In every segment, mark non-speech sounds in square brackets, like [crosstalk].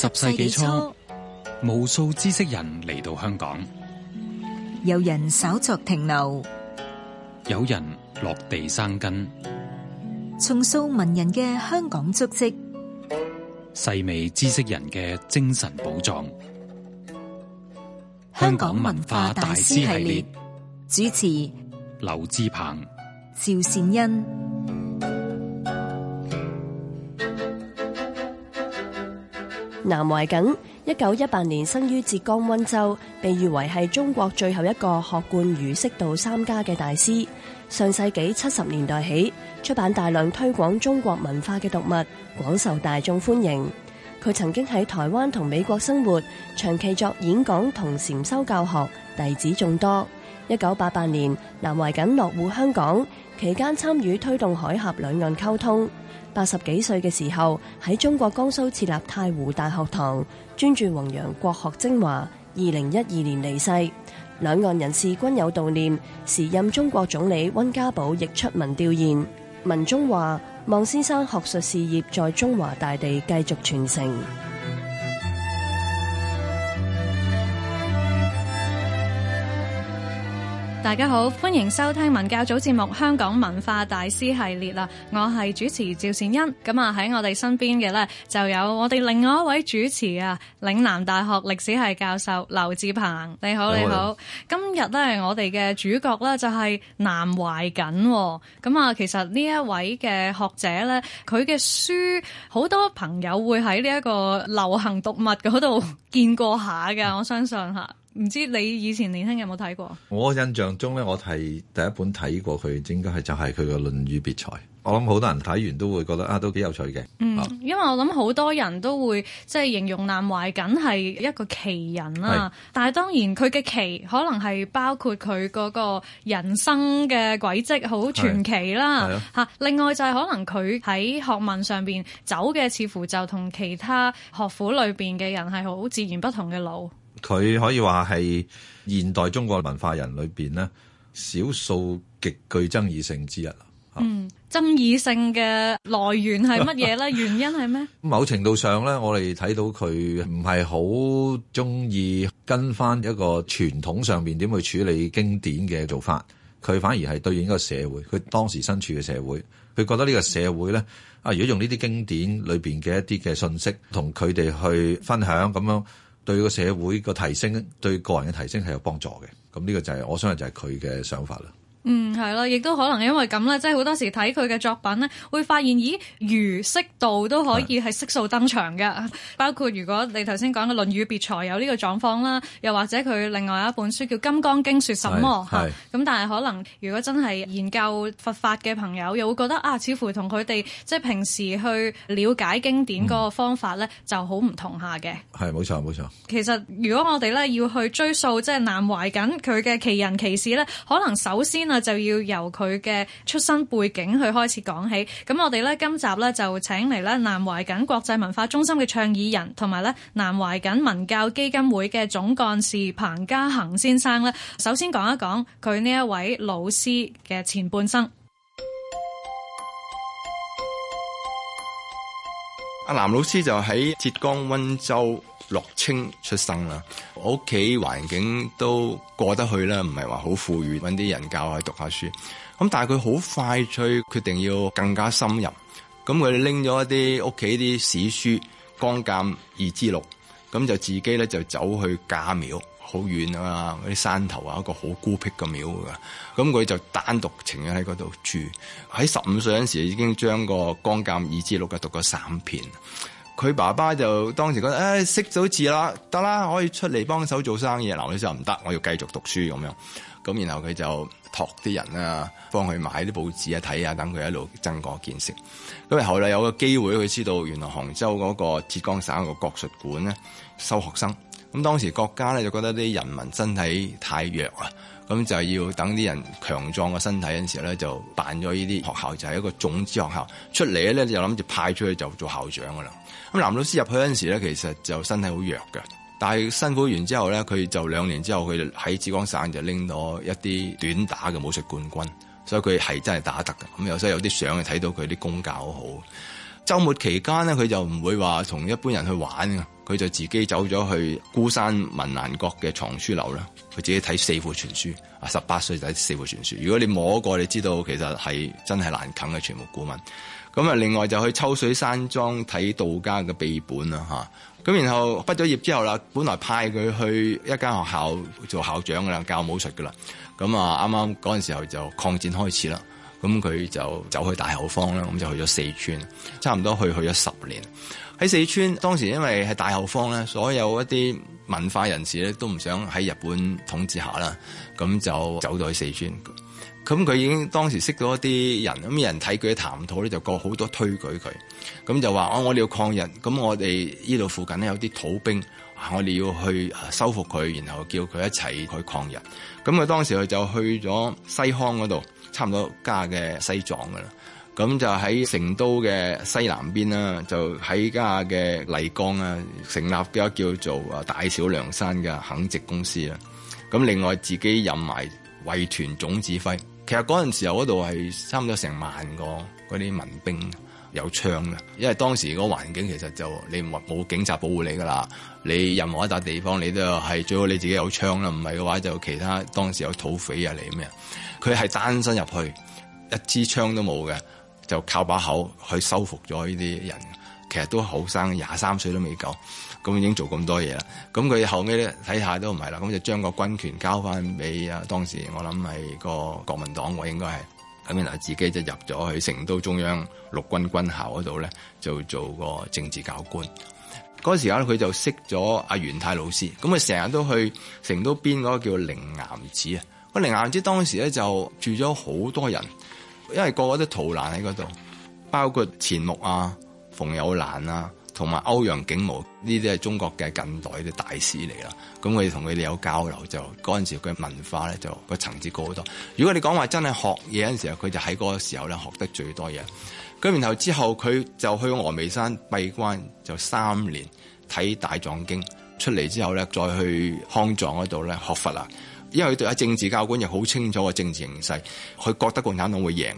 十世紀初，無數知識人嚟到香港，有人稍作停留，有人落地生根，重塑文人嘅香港足跡，細味知識人嘅精神寶藏。香港文化大師系列主持：劉志鵬、趙善恩。南懷瑾，一九一八年生於浙江溫州，被譽為係中國最後一個學貫儒釋道三家嘅大師。上世紀七十年代起，出版大量推廣中國文化嘅讀物，廣受大眾歡迎。佢曾經喺台灣同美國生活，長期作演講同禪修教學，弟子眾多。一九八八年，南懷瑾落戶香港，期間參與推動海峽兩岸溝通。八十幾歲嘅時候喺中國江蘇設立太湖大學堂，專注弘揚國學精華。二零一二年離世，兩岸人士均有悼念。時任中國總理溫家寶亦出文吊唁，文中話：望先生學術事業在中華大地繼續傳承。大家好，歡迎收聽文教組節目《香港文化大師系列》啦！我係主持趙善恩，咁啊喺我哋身邊嘅呢，就有我哋另外一位主持啊，嶺南大學歷史系教授劉智鵬。你好，好你好！今日呢，我哋嘅主角呢，就係南懷瑾。咁啊，其實呢一位嘅學者呢，佢嘅書好多朋友會喺呢一個流行讀物嗰度見過下嘅，我相信吓。唔知你以前年輕有冇睇過？我印象中咧，我係第一本睇過佢，應該係就係佢嘅《論語別裁》。我諗好多人睇完都會覺得啊，都幾有趣嘅。嗯，好因為我諗好多人都會即係、就是、形容南懷瑾係一個奇人啦、啊。是但係當然佢嘅奇可能係包括佢嗰個人生嘅軌跡好傳奇啦、啊。吓、啊、另外就係可能佢喺學問上邊走嘅似乎就同其他學府裏邊嘅人係好自然不同嘅路。佢可以話係現代中國文化人裏邊咧，少數極具爭議性之一。嗯，爭議性嘅來源係乜嘢咧？ [laughs] 原因係咩？某程度上咧，我哋睇到佢唔係好中意跟翻一個傳統上面點去處理經典嘅做法。佢反而係對應一個社會，佢當時身處嘅社會，佢覺得呢個社會咧啊，如果用呢啲經典裏邊嘅一啲嘅信息，同佢哋去分享咁樣，對個社會個提升，對個人嘅提升係有幫助嘅。咁，嗯，呢個就係，我相信就係佢嘅想法啦。嗯，係咯，亦都可能因為咁咧，即係好多時睇佢嘅作品咧，會發現咦，儒釋道都可以係悉數登場嘅。是的 包括如果你頭先講嘅《論語別裁》有呢個狀況啦，又或者佢另外有一本書叫《金剛經說什麼》。係咁，但係可能如果真係研究佛法嘅朋友，又會覺得啊，似乎同佢哋即係平時去了解經典嗰個方法咧，嗯、就好唔同下嘅。係冇錯，冇錯。其實如果我哋咧要去追溯，即係南懷瑾佢嘅奇人奇事咧，可能首先。就要由佢嘅出生背景去開始講起，咁我哋呢，今集呢，就請嚟呢南懷瑾國際文化中心嘅倡議人，同埋呢南懷瑾文教基金會嘅總幹事彭家恆先生呢，首先講一講佢呢一位老師嘅前半生。阿南老師就喺浙江溫州樂清出生啦，我屋企環境都過得去啦，唔係話好富裕，揾啲人教佢讀下書。咁但係佢好快脆決定要更加深入，咁佢哋拎咗一啲屋企啲史書《光鑑二之六》，咁就自己咧就走去家廟，好遠啊嘛，嗰啲山頭啊，一個好孤僻嘅廟噶。咁佢就單獨情願喺嗰度住。喺十五歲嗰時已經將個《光鑑二之六》嘅讀過三遍。佢爸爸就當時覺得，誒識咗字啦，得啦，可以出嚟幫手做生意。嗱，呢就唔得，我要繼續讀書咁樣。咁然後佢就託啲人啊，幫佢買啲報紙啊，睇下，等佢一路增廣見識。咁後嚟有個機會，佢知道原來杭州嗰個浙江省個國術館咧收學生。咁當時國家咧就覺得啲人民身體太弱啊，咁就要等啲人強壯嘅身體，嗰陣時候咧，就辦咗呢啲學校，就係一個總之學校出嚟咧就諗住派出去就做校長噶啦。咁南老師入去嗰陣時咧，其實就身體好弱嘅，但係辛苦完之後咧，佢就兩年之後，佢喺浙江省就拎到一啲短打嘅武術冠軍，所以佢係真係打得嘅。咁有所以有啲相睇到佢啲功架好好。周末期間咧，佢就唔會話同一般人去玩，佢就自己走咗去孤山文瀾閣嘅藏書樓啦。佢自己睇四庫全書，十八歲就睇四庫全書。如果你摸過，你知道其實係真係難啃嘅全部古文。咁啊，另外就去秋水山莊睇道家嘅秘本啦嚇。咁然後畢咗業之後啦，本來派佢去一間學校做校長噶啦，教武術噶啦。咁啊，啱啱嗰陣時候就抗戰開始啦。咁佢就走去大後方啦，咁就去咗四川，差唔多去去咗十年。喺四川當時因為係大後方咧，所有一啲文化人士咧都唔想喺日本統治下啦，咁就走到去四川。咁佢已經當時識到一啲人，咁人睇佢嘅談吐咧，就過好多推舉佢，咁就話：哦、啊，我哋要抗日，咁我哋呢度附近咧有啲土兵，我哋要去收復佢，然後叫佢一齊去抗日。咁佢當時佢就去咗西康嗰度，差唔多家嘅西藏噶啦，咁就喺成都嘅西南邊啦，就喺家嘅麗江啊，成立個叫做大小涼山嘅墾殖公司啦。咁另外自己任埋衞團總指揮。其實嗰陣時候嗰度係差唔多成萬個嗰啲民兵有槍嘅，因為當時個環境，其實就你冇警察保護你噶啦，你任何一笪地方你都係最好你自己有槍啦，唔係嘅話就其他當時有土匪啊，你咩，佢係單身入去一支槍都冇嘅，就靠把口去收服咗呢啲人。其實都好生，廿三歲都未夠，咁已經做咁多嘢啦。咁佢後尾咧睇下都唔係啦，咁就將個軍權交翻俾啊當時我諗係個國民黨我應該係，咁然後自己就入咗去成都中央陸軍軍校嗰度咧，就做個政治教官。嗰時刻咧，佢就識咗阿袁太老師，咁啊成日都去成都邊嗰個叫靈岩寺啊。個靈岩寺當時咧就住咗好多人，因為個個都逃難喺嗰度，包括錢穆啊。馮友蘭啊，同埋歐陽景模呢啲係中國嘅近代啲大師嚟啦。咁我哋同佢哋有交流，就嗰陣時佢文化咧就個層次高好多。如果你講話真係學嘢嗰陣時候，佢就喺嗰個時候咧學得最多嘢。咁然後之後佢就去峨眉山閉關就三年，睇大藏經出嚟之後咧再去康藏嗰度咧學佛啦。因為佢對阿政治教官又好清楚個政治形勢，佢覺得共產黨會贏。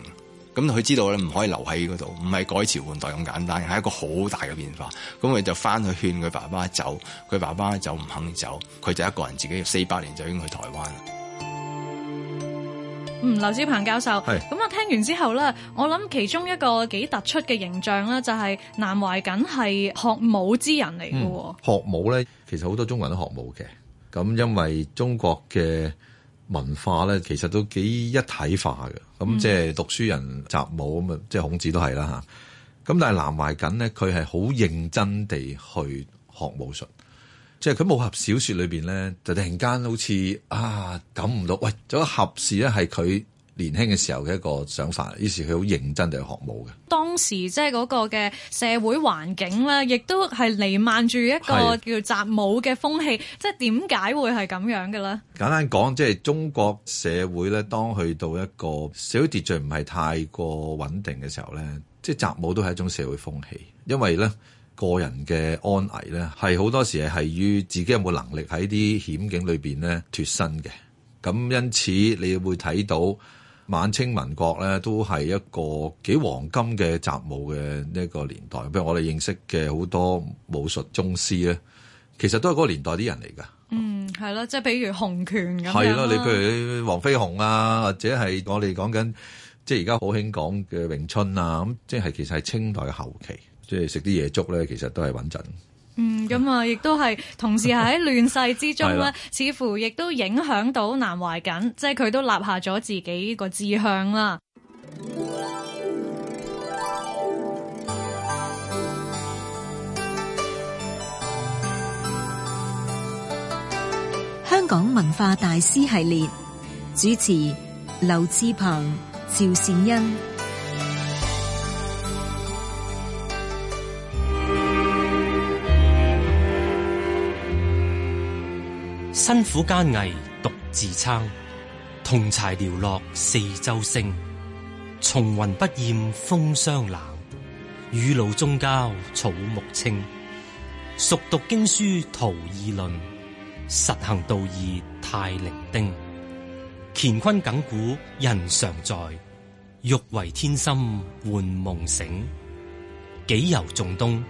咁佢知道咧，唔可以留喺嗰度，唔係改朝換代咁簡單，係一個好大嘅變化。咁佢就翻去勸佢爸爸走，佢爸爸就唔肯走，佢就一個人自己四百年就已經去台灣啦。嗯，劉志鵬教授，係咁啊！聽完之後咧，我諗其中一個幾突出嘅形象啦，就係南懷瑾係學武之人嚟嘅。嗯，學武咧，其實好多中國人都學武嘅，咁因為中國嘅。文化咧，其實都幾一體化嘅，咁、嗯、即係讀書人習武咁啊，即係孔子都係啦嚇。咁但係南懷瑾咧，佢係好認真地去學武術，即係佢武俠小說裏邊咧，就突然間好似啊，感唔到喂，咗俠士咧係佢年輕嘅時候嘅一個想法，於是佢好認真地學武嘅。當時即係嗰個嘅社會環境咧，亦都係彌漫住一個叫習武嘅風氣。的即係點解會係咁樣嘅咧？簡單講，即係中國社會咧，當去到一個社會秩序唔係太過穩定嘅時候咧，即係習武都係一種社會風氣，因為咧，個人嘅安危咧係好多時係於自己有冇能力喺啲險境裏邊咧脱身嘅。咁因此你會睇到。晚清民國咧都係一個幾黃金嘅雜武嘅呢一個年代，譬如我哋認識嘅好多武術宗師咧，其實都係嗰個年代啲人嚟㗎。嗯，係咯，即係比如洪拳咁樣。係咯，你譬如黃飛鴻啊，或者係我哋講緊，即係而家好興講嘅詠春啊，咁即係其實係清代嘅後期，即係食啲嘢粥咧，其實都係穩陣。嗯，咁啊，亦都係，同時喺亂世之中咧， [laughs] 了似乎亦都影響到南懷瑾，即係佢都立下咗自己個志向啦。香港文化大師系列主持：劉志鵬、趙善恩。辛苦艱危獨自撐，同柴寥落四周星。松雲不厭風霜冷，雨露中交草木青。熟讀經書圖議論，實行道義太伶仃。乾坤梗古人常在，欲為天心換夢醒。己由仲冬，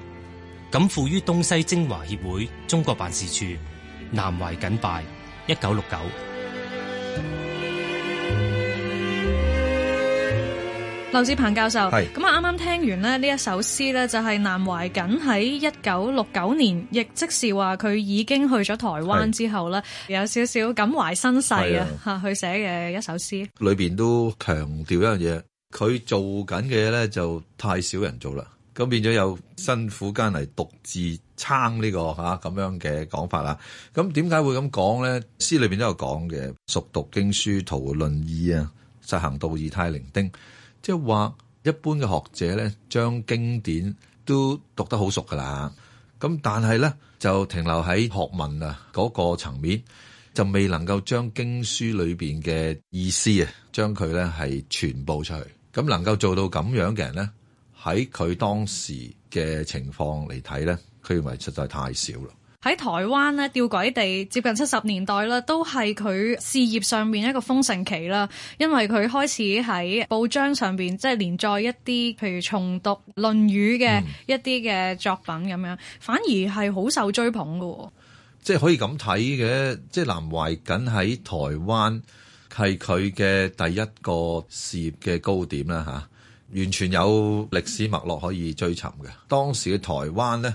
感負於東西精華協會中國辦事處。南懷瑾拜，一九六九，劉志鵬教授，係咁啊！啱啱聽完咧呢一首詩咧，就係南懷瑾喺一九六九年，亦即是話佢已經去咗台灣之後咧，是有少少感懷身世啊，吓佢寫嘅一首詩。裏邊都強調一樣嘢，佢做緊嘅咧就太少人做啦，咁變咗有辛苦艱嚟獨自。撐呢、這個吓咁、啊、樣嘅講法啦，咁點解會咁講呢？詩裏邊都有講嘅，熟讀經書圖論義啊，實行道義太伶仃，即係話一般嘅學者呢，將經典都讀得好熟噶啦，咁但係呢，就停留喺學問啊嗰、那個層面，就未能夠將經書裏邊嘅意思啊，將佢呢係傳播出去，咁能夠做到咁樣嘅人呢，喺佢當時嘅情況嚟睇呢，佢認為實在太少啦！喺台灣咧，吊詭地接近七十年代啦，都係佢事業上面一個豐盛期啦。因為佢開始喺報章上邊即係連載一啲，譬如重讀《論語》嘅一啲嘅作品咁樣，嗯、反而係好受追捧嘅。即係可以咁睇嘅，即係南懷瑾喺台灣係佢嘅第一個事業嘅高點啦！嚇、啊，完全有歷史脈絡可以追尋嘅。當時嘅台灣呢。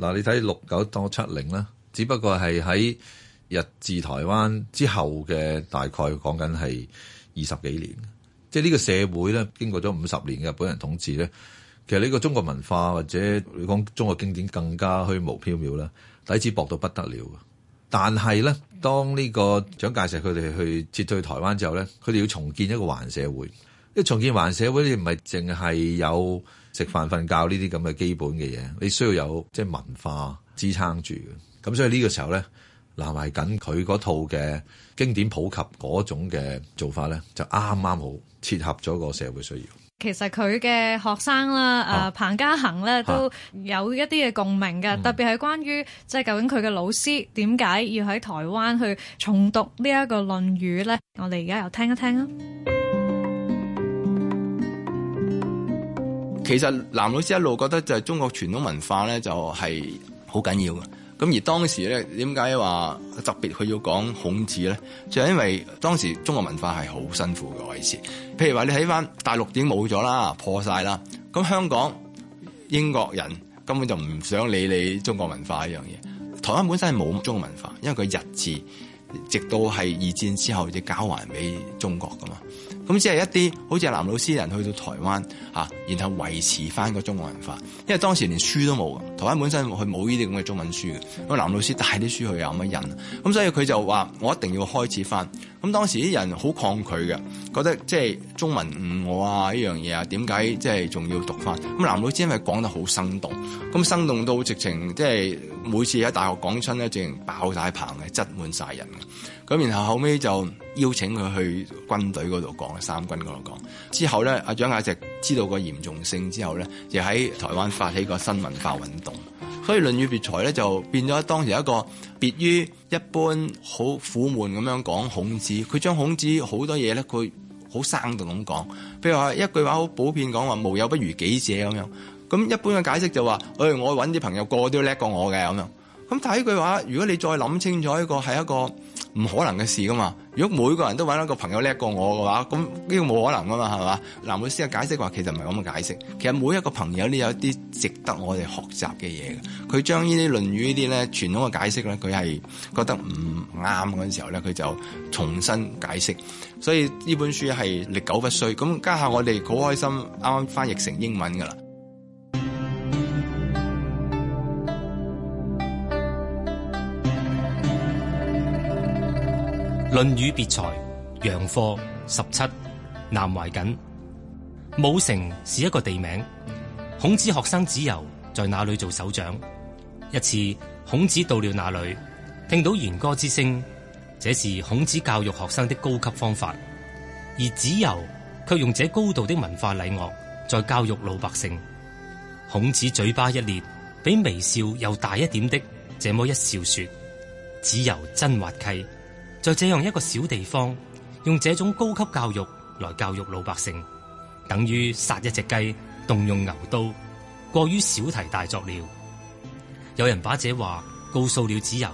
嗱，你睇六九到七零啦，70, 只不過係喺日治台灣之後嘅日大概講緊係二十幾年，即係呢個社會咧經過咗五十年嘅日本人統治咧，其實呢個中國文化或者你講中國經典更加虛無縹緲啦，底子薄到不得了。但係咧，當呢個蔣介石佢哋去撤退台灣之後咧，佢哋要重建一個環社會，因為重建環社會，你唔係淨係有。食飯、瞓覺呢啲咁嘅基本嘅嘢，你需要有即係、就是、文化支撐住嘅。咁所以呢個時候呢，難為緊佢嗰套嘅經典普及嗰種嘅做法呢，就啱啱好切合咗個社會需要。其實佢嘅學生啦，啊啊、彭嘉恒呢，都有一啲嘅共鳴嘅，啊、特別係關於即係、就是、究竟佢嘅老師點解要喺台灣去重讀呢一個論語呢。我哋而家又聽一聽啊！其實南老師一路覺得就係中國傳統文化咧，就係好緊要嘅。咁而當時咧，點解話特別佢要講孔子咧？就係因為當時中國文化係好辛苦嘅位置。譬如話你睇翻大陸已經冇咗啦，破晒啦。咁香港英國人根本就唔想理你中國文化呢樣嘢。台灣本身係冇中國文化，因為佢日治直到係二戰之後就交還俾中國噶嘛。咁即係一啲好似係南老師人去到台灣嚇、啊，然後維持翻個中國文化，因為當時連書都冇噶台灣本身佢冇呢啲咁嘅中文書嘅，咁南老師帶啲書去有乜癮？咁、啊嗯、所以佢就話我一定要開始翻。咁、嗯、當時啲人好抗拒嘅，覺得即係中文誤我啊呢樣嘢啊，點解即係仲要讀翻？咁、嗯、南老師因為講得好生動，咁生動到直情即係每次喺大學講親咧，直情爆晒棚嘅，擠滿晒人。咁，然後後尾就邀請佢去軍隊嗰度講三軍嗰度講。之後咧，阿蔣介石知道個嚴重性之後咧，就喺台灣發起個新文化運動。所以論別《論語別裁》咧就變咗當時一個別於一般好苦悶咁樣講孔子。佢將孔子好多嘢咧，佢好生動咁講。譬如話一句話好普遍講話，無友不如己者咁樣。咁一般嘅解釋就話、是，誒、哎，我揾啲朋友個個都叻過我嘅咁樣。咁但係呢句話，如果你再諗清楚，一個係一個。唔可能嘅事噶嘛！如果每個人都揾一個朋友叻過我嘅話，咁呢個冇可能噶嘛，係嘛？南老師嘅解釋話其實唔係咁嘅解釋，其實每一個朋友咧有一啲值得我哋學習嘅嘢。佢將呢啲《論語》呢啲咧傳統嘅解釋咧，佢係覺得唔啱嗰陣時候咧，佢就重新解釋，所以呢本書係歷久不衰。咁家下我哋好開心，啱啱翻譯成英文噶啦。《論語別裁》陽貨十七，南懷瑾。武城是一個地名。孔子學生子游在那裏做首長。一次孔子到了那裏，聽到弦歌之聲，這是孔子教育學生的高級方法。而子游却用這高度的文化禮樂在教育老百姓。孔子嘴巴一裂，比微笑又大一點的這麼一笑，說：子游真滑稽。在這樣一個小地方，用這種高級教育來教育老百姓，等於殺一隻雞，動用牛刀，過於小題大作了。有人把這話告訴了子游，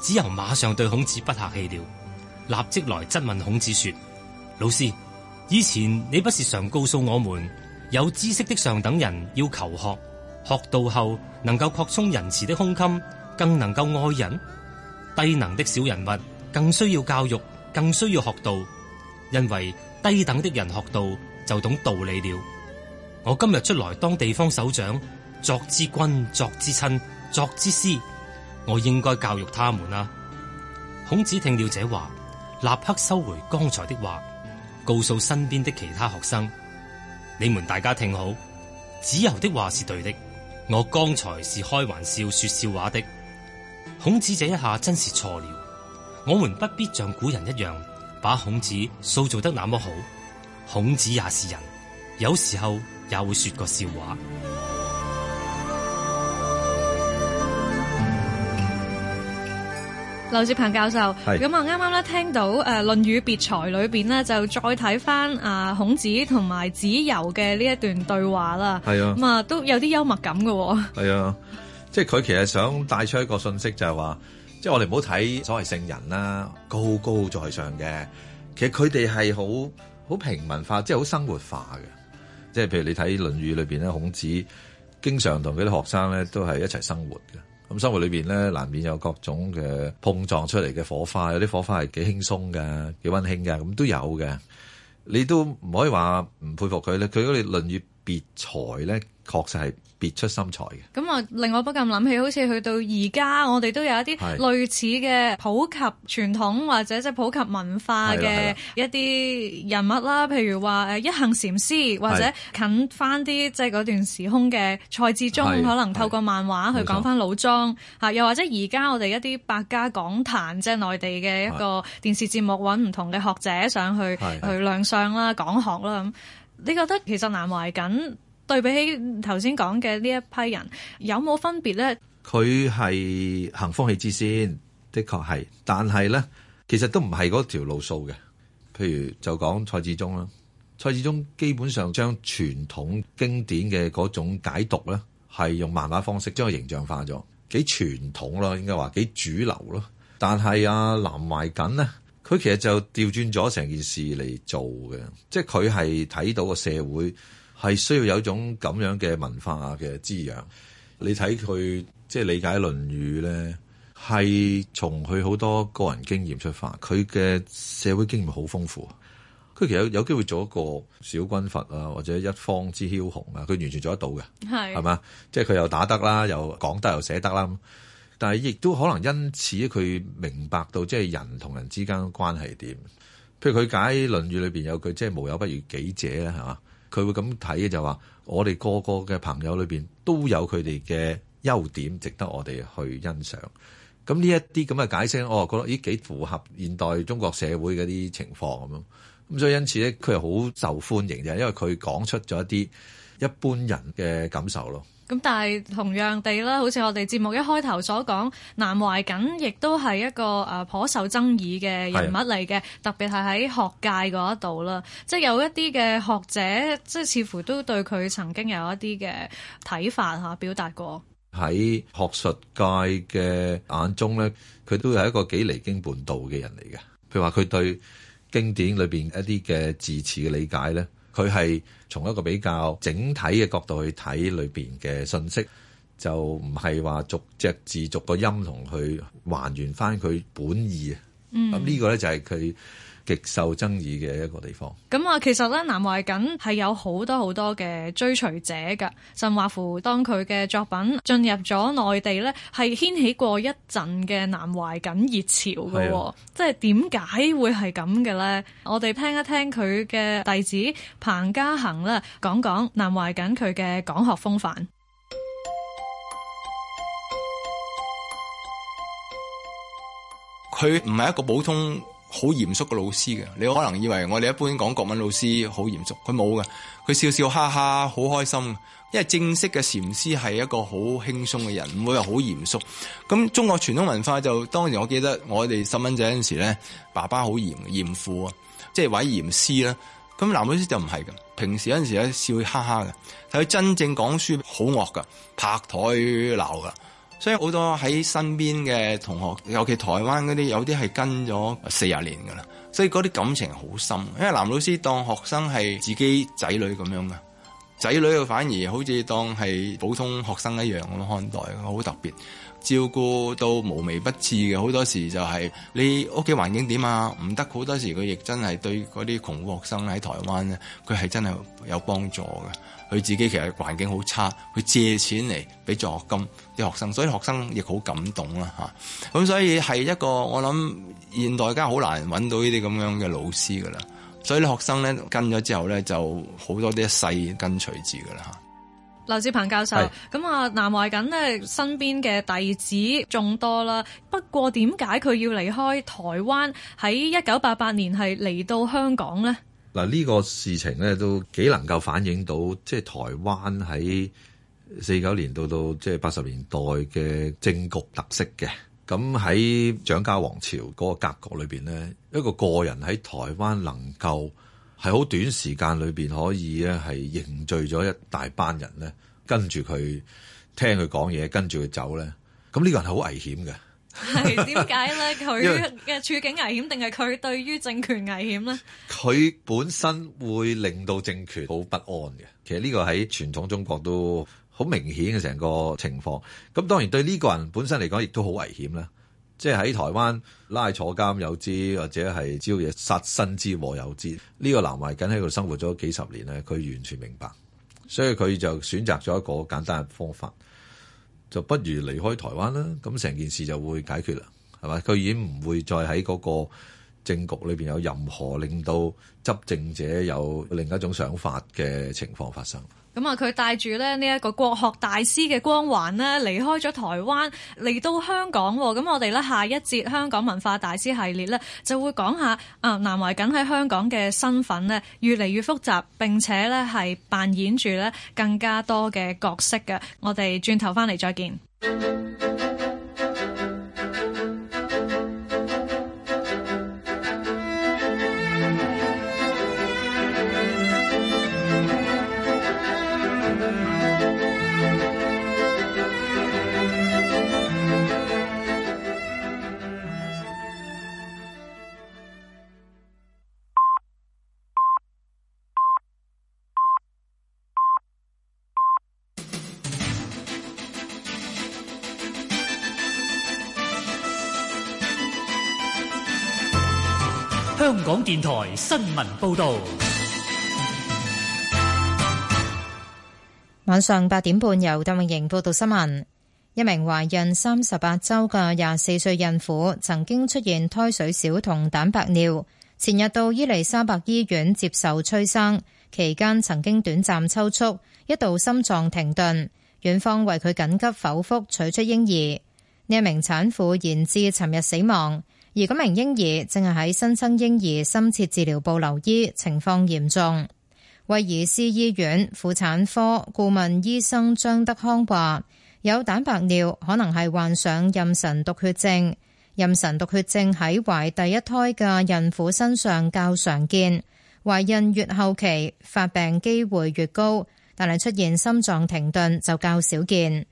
子游馬上對孔子不客氣了，立即來質問孔子說：老師，以前你不是常告訴我們，有知識的上等人要求學，學到後能夠擴充仁慈的胸襟，更能夠愛人。低能的小人物。更需要教育，更需要學道，因為低等的人學道就懂道理了。我今日出來當地方首長，作之君，作之親，作之師，我應該教育他們啦。孔子聽了這話，立刻收回剛才的話，告訴身邊的其他學生：你們大家聽好，子游的話是對的，我剛才是開玩笑說笑話的。孔子這一下真是錯了。我們不必像古人一樣，把孔子塑造得那麼好。孔子也是人，有時候又會說個笑話。劉志鵬教授，咁啊啱啱咧聽到《誒、呃、論語別裁》裏邊咧，就再睇返阿孔子同埋子游嘅呢一段對話啦。係啊，咁啊、嗯、都有啲幽默感嘅、哦。係啊，即係佢其實想帶出一個信息就，就係話。即係我哋唔好睇所謂聖人啦，高高在上嘅。其實佢哋係好好平民化，即係好生活化嘅。即係譬如你睇《論語》裏邊咧，孔子經常同佢啲學生咧都係一齊生活嘅。咁、嗯、生活裏邊咧，難免有各種嘅碰撞出嚟嘅火花。有啲火花係幾輕鬆嘅，幾温馨嘅咁、嗯、都有嘅。你都唔可以話唔佩服佢咧。佢嗰啲《論語》。別才咧，確實係別出心裁嘅。咁啊，令我不禁諗起，好似去到而家，我哋都有一啲類似嘅普及傳統是或者即係普及文化嘅一啲人物啦。譬如話誒，一行禪師，是或者近翻啲即係嗰段時空嘅蔡志忠，是可能透過漫畫去講翻老莊嚇。是又或者而家我哋一啲百家講壇，即係內地嘅一個電視節目，揾唔是同嘅學者上去是去亮相啦、講學啦咁。你覺得其實南懷瑾對比起頭先講嘅呢一批人有冇分別呢？佢係行風氣之先，的確係。但係呢，其實都唔係嗰條路數嘅。譬如就講蔡志忠啦，蔡志忠基本上將傳統經典嘅嗰種解讀呢，係用漫畫方式將佢形象化咗，幾傳統咯，應該話幾主流咯。但係阿、啊、南懷瑾呢？佢其實就調轉咗成件事嚟做嘅，即係佢係睇到個社會係需要有一種咁樣嘅文化嘅滋養。你睇佢即係理解《論語》呢咧，係從佢好多個人經驗出發。佢嘅社會經驗好豐富。佢其實有機會做一個小軍閥啊，或者一方之梟雄啊，佢完全做得到嘅。係是，係嘛？即係佢又打得啦，又講得，又寫得啦。但係，亦都可能因此佢明白到即係人同人之間嘅關係點。譬如佢解《論語》裏邊有句即係無友不如己者咧，係嘛？佢會咁睇嘅就話，我哋個個嘅朋友裏邊都有佢哋嘅優點，值得我哋去欣賞。咁呢一啲咁嘅解釋，我覺得咦幾符合現代中國社會嗰啲情況，咁樣。咁所以因此咧，佢係好受歡迎就係因為佢講出咗一啲一般人嘅感受咯。咁但係同樣地啦，好似我哋節目一開頭所講，南懷瑾亦都係一個誒頗受爭議嘅人物嚟嘅，的特別係喺學界嗰一度啦。即係有一啲嘅學者，即係似乎都對佢曾經有一啲嘅睇法嚇表達過。喺學術界嘅眼中咧，佢都係一個幾離經叛道嘅人嚟嘅。譬如話佢對經典裏邊一啲嘅字詞嘅理解咧。佢係從一個比較整體嘅角度去睇裏邊嘅信息，就唔係話逐隻字逐個音同去還原翻佢本意啊。咁呢、嗯、個咧就係佢極受爭議嘅一個地方。咁啊、嗯，其實咧，南懷瑾係有好多好多嘅追隨者嘅，甚至乎當佢嘅作品進入咗內地呢，係掀起過一陣嘅南懷瑾熱潮嘅、哦。的即係點解會係咁嘅呢？我哋聽一聽佢嘅弟子彭家恒咧，講講南懷瑾佢嘅講學風範。佢唔係一個普通好嚴肅嘅老師嘅，你可能以為我哋一般講國文老師好嚴肅，佢冇嘅，佢笑笑哈哈，好開心。因為正式嘅禪師係一個好輕鬆嘅人，唔會話好嚴肅。咁中國傳統文化就，當時我記得我哋細蚊仔嗰陣時咧，爸爸好嚴嚴父啊，即係位嚴師啦。咁南老師就唔係嘅，平時嗰陣時咧笑哈哈嘅，但佢真正講書好惡噶，拍台鬧噶。所以好多喺身邊嘅同學，尤其台灣嗰啲，有啲係跟咗四十年噶啦，所以嗰啲感情好深。因為南老師當學生係自己仔女咁樣噶，仔女又反而好似當係普通學生一樣咁看待，好特別，照顧到無微不至嘅。好多時就係、是、你屋企環境點啊？唔得好多時佢亦真係對嗰啲窮學生喺台灣咧，佢係真係有幫助嘅。佢自己其實環境好差，佢借錢嚟俾助學金啲學生，所以學生亦好感動啦嚇。咁、啊、所以係一個我諗現代家好難揾到呢啲咁樣嘅老師噶啦。所以啲學生咧跟咗之後咧，就好多啲一世跟隨住噶啦嚇。劉志鵬教授，咁啊是南懷瑾呢，身邊嘅弟子眾多啦，不過點解佢要離開台灣，喺一九八八年係嚟到香港咧？嗱，呢個事情咧都幾能夠反映到，即係台灣喺四九年到到即係八十年代嘅政局特色嘅。咁喺蔣家王朝嗰個格局裏邊咧，一個個人喺台灣能夠係好短時間裏邊可以咧係凝聚咗一大班人咧，跟住佢聽佢講嘢，跟住佢走咧。咁呢個人係好危險嘅。係點解咧？佢嘅處境危險，定係佢對於政權危險咧？佢本身會令到政權好不安嘅。其實呢個喺傳統中國都好明顯嘅成個情況。咁當然對呢個人本身嚟講，亦都好危險啦。即係喺台灣拉坐監有之，或者係招嘢殺身之禍有之。呢、這個南懷瑾喺度生活咗幾十年咧，佢完全明白，所以佢就選擇咗一個簡單嘅方法。就不如離開台灣啦，咁成件事就會解決啦，係咪？佢已經唔會再喺嗰個政局裏邊有任何令到執政者有另一種想法嘅情況發生。咁啊，佢帶住咧呢一個國學大師嘅光環咧，離開咗台灣嚟到香港，哦。咁我哋咧下一節香港文化大師系列咧，就會講下啊、呃、南懷瑾喺香港嘅身份咧，越嚟越複雜，並且咧係扮演住咧更加多嘅角色嘅。我哋轉頭翻嚟再見。電台新聞報道：晚上八點半，由鄧穎盈報道新聞。一名懷孕三十八周嘅廿四歲孕婦，曾經出現胎水少同蛋白尿，前日到伊麗莎白醫院接受催生，期間曾經短暫抽搐，一度心臟停頓，院方為佢緊急剖腹取出嬰兒。呢一名產婦延至尋日死亡。而嗰名嬰兒正係喺新生嬰兒深切治療部留醫，情況嚴重。威爾斯醫院婦產科顧問醫生張德康話有蛋白尿，可能係患上妊娠毒血症。妊娠毒血症喺懷第一胎嘅孕婦身上較常見，懷孕越後期發病機會越高，但係出現心臟停頓就較少見。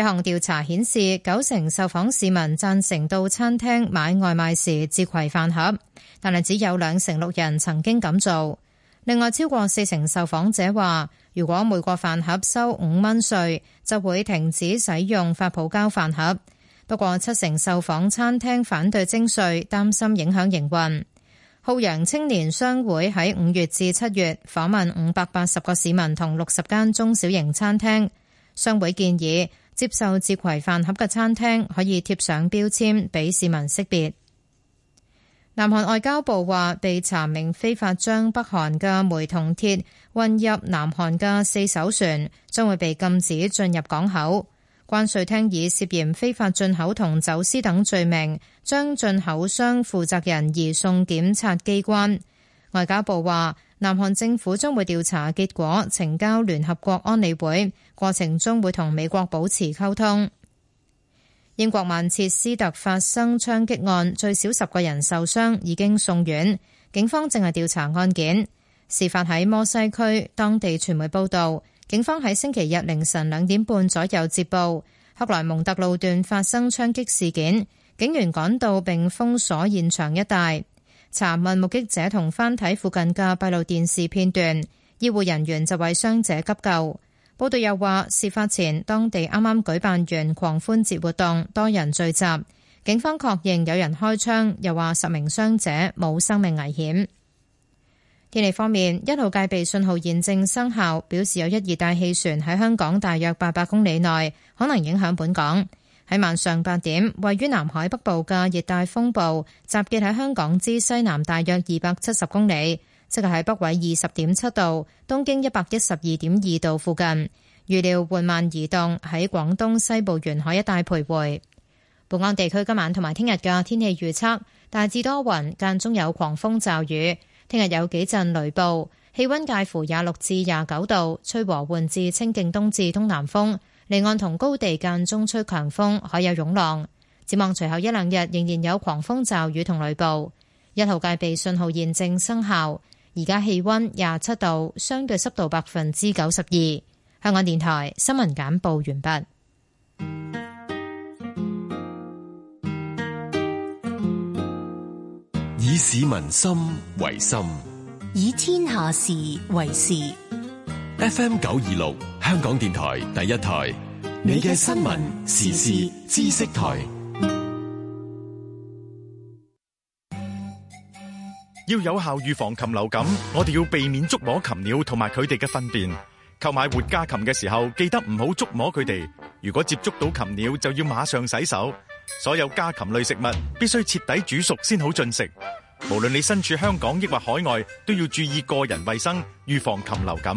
呢項調查顯示，九成受訪市民贊成到餐廳買外賣時自攜飯盒，但係只有兩成六人曾經咁做。另外，超過四成受訪者話，如果每個飯盒收五蚊稅，就會停止使用發泡膠飯盒。不過，七成受訪餐廳反對徵稅，擔心影響營運。浩洋青年商會喺五月至七月訪問五百八十個市民同六十間中小型餐廳，商會建議，接受自攜飯盒嘅餐廳可以貼上標籤俾市民識別。南韓外交部話，被查明非法將北韓嘅煤同鐵運入南韓嘅四艘船，將會被禁止進入港口。關稅廳以涉嫌非法進口同走私等罪名，將進口商負責人移送檢察機關。外交部話。南韓政府將會調查結果呈交聯合國安理會，過程中會同美國保持溝通。英國曼徹斯特發生槍擊案，最少十個人受傷，已經送院。警方正係調查案件。事發喺摩西區，當地傳媒報道，警方喺星期日凌晨兩點半左右接報，克萊蒙特路段發生槍擊事件，警員趕到並封鎖現場一帶。查問目擊者同翻睇附近嘅閉路電視片段，醫護人員就為傷者急救。報道又話，事發前當地啱啱舉辦完狂歡節活動，多人聚集。警方確認有人開槍，又話十名傷者冇生命危險。天氣方面，一號戒備信號現正生效，表示有一熱帶氣旋喺香港大約八百公里內，可能影響本港。喺晚上八點，位於南海北部嘅熱帶風暴集結喺香港之西南大約二百七十公里，即係喺北緯二十點七度、東經一百一十二點二度附近。預料緩慢移動喺廣東西部沿海一帶徘徊。本港地區今晚同埋聽日嘅天氣預測大致多雲，間中有狂風驟雨。聽日有幾陣雷暴，氣温介乎廿六至廿九度，吹和緩至清勁東至東南風。離岸同高地間中吹強風，海有湧浪。展望隨後一兩日仍然有狂風驟雨同雷暴。一號戒備信號現正生效。而家氣温廿七度，相對濕度百分之九十二。香港電台新聞簡報完畢。以市民心為心，以天下事為事。F.M. 九二六，香港電台第一台。你嘅新聞時事知識台。要有效預防禽流感，我哋要避免觸摸禽鳥同埋佢哋嘅糞便。購買活家禽嘅時候，記得唔好觸摸佢哋。如果接觸到禽鳥，就要馬上洗手。所有家禽類食物必須徹底煮熟先好進食。無論你身處香港抑或海外，都要注意個人衛生，預防禽流感。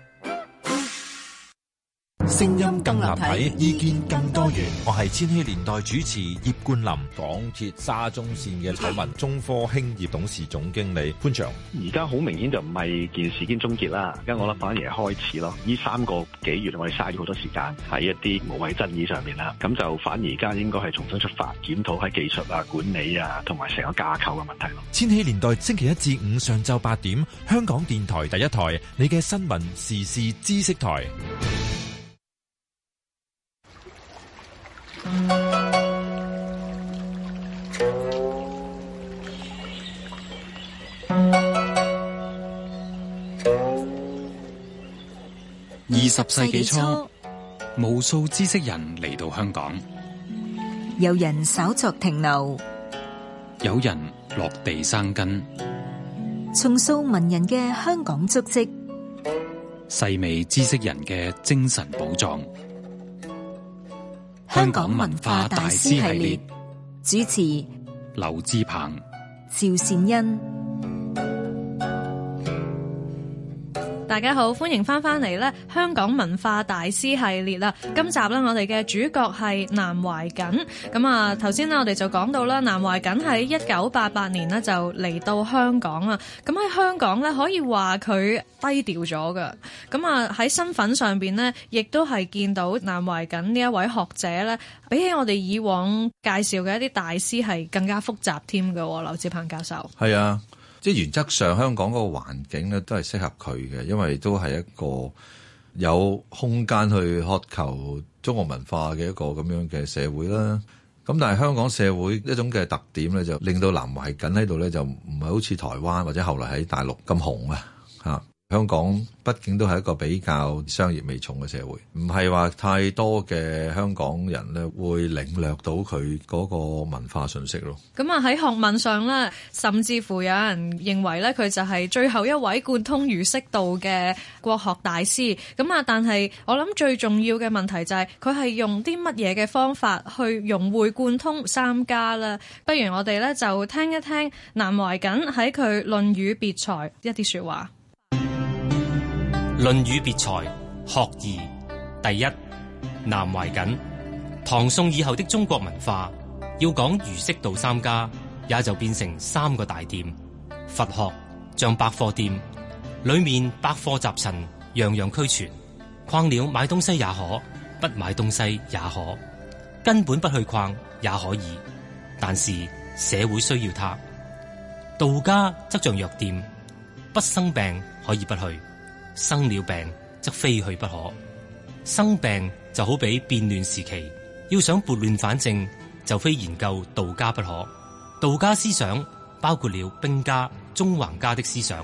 聲音更立體，意見更多元。我係千禧年代主持葉冠林，港鐵沙中綫嘅醜聞，中科興業董事總經理潘長。而家好明顯就唔係件事件經終結啦，而家我諗反而係開始咯。呢三個幾月我哋嘥咗好多時間喺一啲無謂爭議上面啦，咁就反而而家應該係重新出發，檢討喺技術啊、管理啊同埋成個架構嘅問題咯。千禧年代星期一至五上晝八點，香港電台第一台，你嘅新聞時事知識台。二十世紀初，無數知識人嚟到香港，有人稍作停留，有人落地生根，重塑文人嘅香港足跡，細味知識人嘅精神寶藏。香港文化大師系列，主持：劉志鵬、趙善欣。大家好，歡迎翻翻嚟咧香港文化大師系列啦。今集咧，我哋嘅主角係南懷瑾。咁啊，頭先咧，我哋就講到啦，南懷瑾喺一九八八年咧就嚟到香港啊。咁喺香港咧，可以話佢低調咗㗎。咁啊，喺身份上邊咧，亦都係見到南懷瑾呢一位學者咧，比起我哋以往介紹嘅一啲大師係更加複雜添嘅。劉志鵬教授，係啊。即係原則上，香港嗰個環境咧都係適合佢嘅，因為都係一個有空間去渴求中國文化嘅一個咁樣嘅社會啦。咁但係香港社會一種嘅特點咧，就令到南懷瑾喺度咧就唔係好似台灣或者後來喺大陸咁紅啊。香港畢竟都係一個比較商業味重嘅社會，唔係話太多嘅香港人呢會領略到佢嗰個文化信息咯。咁啊喺學問上呢，甚至乎有人認為呢，佢就係最後一位貫通儒釋道嘅國學大師。咁啊，但係我諗最重要嘅問題就係佢係用啲乜嘢嘅方法去融會貫通三家啦。不如我哋呢，就聽一聽南懷瑾喺佢《論語別裁》一啲說話。《論語別裁》學而第一，南懷瑾。唐宋以後的中國文化，要講儒釋道三家，也就變成三個大店。佛學像百貨店，裏面百貨雜陳，樣樣俱全。逛了買東西也可，不買東西也可，根本不去逛也可以。但是社會需要它。道家則像藥店，不生病可以不去。生了病則非去不可，生病就好比變亂時期，要想撥亂反正就非研究道家不可。道家思想包括了兵家、縱橫家的思想，